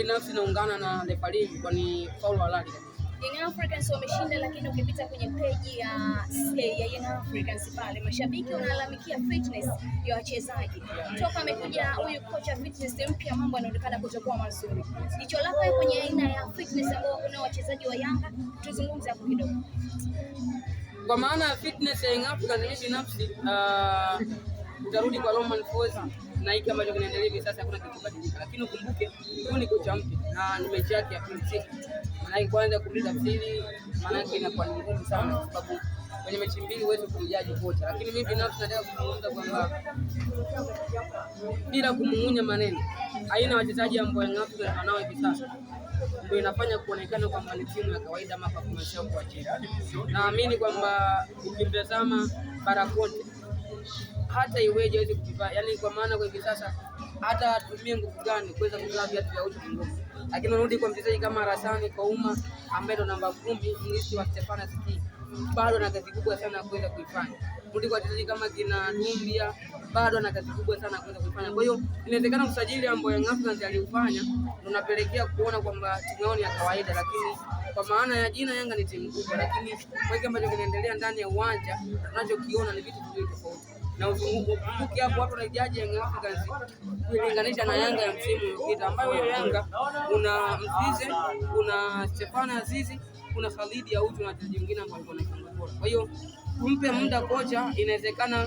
Binafsi naungana na Leparim kwani faulu halali kabisa. Young Africans wameshinda, lakini ukipita kwenye peji ya ya Young Africans pale, mashabiki wanalalamikia fitness ya wachezaji. Toka amekuja huyu kocha fitness mpya, mambo yanaonekana kutokuwa mazuri. Jicho lako kwenye aina ya fitness ambao kuna wachezaji wa Yanga, tuzungumze hapo kidogo. Kwa maana fitness ya Young Africans binafsi, uh, utarudi kwa Roman Fozi na hiki ambacho kinaendelea hivi sasa hakuna kilichobadilika, lakini ukumbuke huyu ni kocha mpya na ni mechi yake ya pili. Maanake kwanza maana yake inakuwa ni ngumu sana, kwa sababu kwenye mechi mbili huwezi kumjaji kocha. Lakini mimi binafsi nataka kuzungumza kwamba bila kumung'unya maneno, aina wachezaji ambao Young Africans wanao hivi sasa ndio inafanya kuonekana kwamba ni timu ya kawaida mapa kwa kumaanisha kwa chini. Naamini kwamba ukimtazama Barakonte hata iweje aweze kuvaa. yani kwa maana kwa hivi sasa hata atumie nguvu gani kuweza kuvaa viatu vya uchi nguvu. Lakini unarudi kwa mchezaji kama Rasani Kauma ambaye ndo namba kumi mrithi wa Stephane Siki, bado ana kazi kubwa sana kuweza kuifanya kuliko wachezaji kama kina Dumbia, bado ana kazi kubwa sana kuweza kufanya. Kwa hiyo inawezekana usajili ambao Young Africans aliufanya unapelekea kuona kwamba timu yao ni ya kawaida, lakini kwa maana ya jina Yanga ni timu kubwa, lakini kwa kile ambacho kinaendelea ndani ya uwanja tunachokiona ni vitu vingi tofauti na ukumbuke hapo watu wanaijaji Young Africans kulinganisha na Yanga ya msimu uliopita, ambayo hiyo Yanga kuna Mzize, kuna Stefano Azizi, kuna Khalid Aucho na wachezaji wengine ambao walikuwa na kiwango bora. Kwa hiyo kumpe muda kocha, inawezekana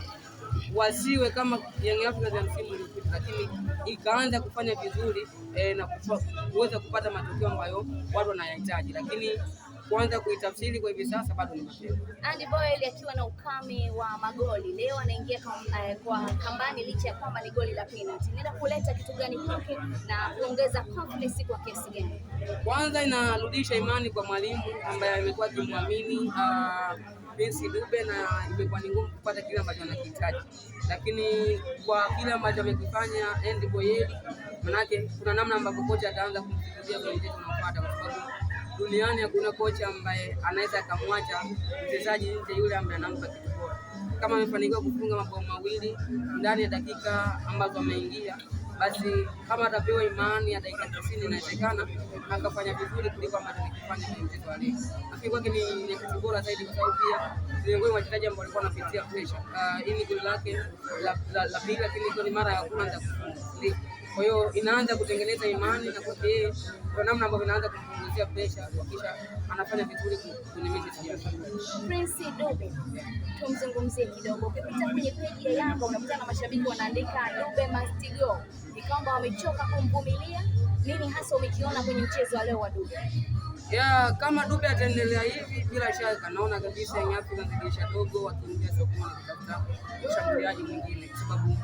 wasiwe kama Young Africans ya msimu uliopita, lakini ikaanza kufanya vizuri e, na kuweza kupata matokeo ambayo watu wanayahitaji, lakini kuanza kuitafsiri kwa hivi sasa bado ni mapema. Andy Boyle akiwa na ukame wa magoli leo anaingia kwa eh, kwa kambani licha ya kwamba ni goli la penalty. Nenda kuleta kitu gani kwake na kuongeza confidence kwa kiasi gani? Kwanza inarudisha imani kwa mwalimu ambaye amekuwa akimwamini ah, Vince Dube na imekuwa ni ngumu kupata kile ambacho anakihitaji, lakini kwa kile ambacho amekifanya Andy Boyle, manake kuna namna ambapo kocha ataanza kumfikiria kwa sababu duniani hakuna kocha ambaye anaweza akamwacha mchezaji nje yule ambaye anampa kitu bora. Kama amefanikiwa kufunga mabao mawili ndani ya dakika ambazo ameingia, basi kama atapewa imani ya dakika 90 inawezekana akafanya vizuri kuliko ambavyo amekifanya kwenye mchezo wa leo. Lakini kwake ni kitu bora zaidi, kwa sababu pia miongoni mwa wachezaji ambao walikuwa wanapitia pressure. Ah, hii ni goli lake la pili, lakini ni mara ya kwanza kufunga kwa hiyo inaanza kutengeneza imani na kwa yeye, kwa namna ambavyo inaanza kumpunguzia presha, kuhakikisha anafanya vizuri kwenye mechi zijazo. Prince Dube tumzungumzie kidogo. Ukipita kwenye peji ya Yanga unakutana na mashabiki wanaandika Dube must go, ni kwamba wamechoka kumvumilia. Nini hasa umekiona kwenye mchezo wa leo wa Dube? ya kama Dube ataendelea hivi bila shaka naona kabisa Young Africans dirisha dogo wakiingia sokoni na kutafuta mshambuliaji mwingine kwa sababu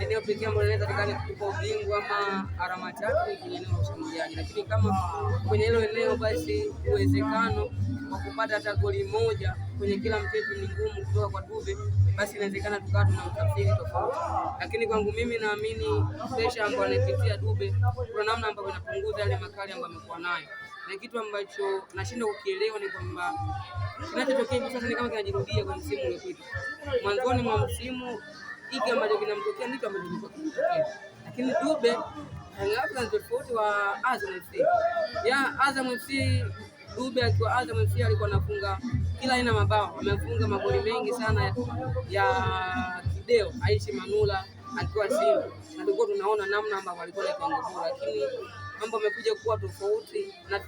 eneo pekee ambalo linaweza tikani kukupa ubingwa ama alama tatu ni kwenye eneo la ushambuliaji, lakini kama kwenye hilo eneo basi uwezekano wa kupata hata goli moja kwenye kila mchezo ni ngumu kutoka kwa Dube, basi inawezekana tukawa tuna utafsiri tofauti. Lakini kwangu mimi naamini pressure ambayo anaipitia Dube kuna namna ambayo inapunguza yale makali ambayo amekuwa nayo na kitu ambacho nashindwa kukielewa ni kwamba kinachotokea hivi sasa ni kama kinajirudia kwa msimu uliopita. Mwanzoni mwa msimu hiki ambacho kinamtokea ndicho ambacho kinatokea, lakini Dube ana tofauti wa Azam FC ya Azam FC. Dube akiwa Azam FC alikuwa anafunga kila aina mabao, amefunga magoli mengi sana ya kideo, Aishi Manula akiwa Simba, na tulikuwa tunaona namna ambavyo alikuwa na kiwango lakini mambo amekuja kuwa tofauti na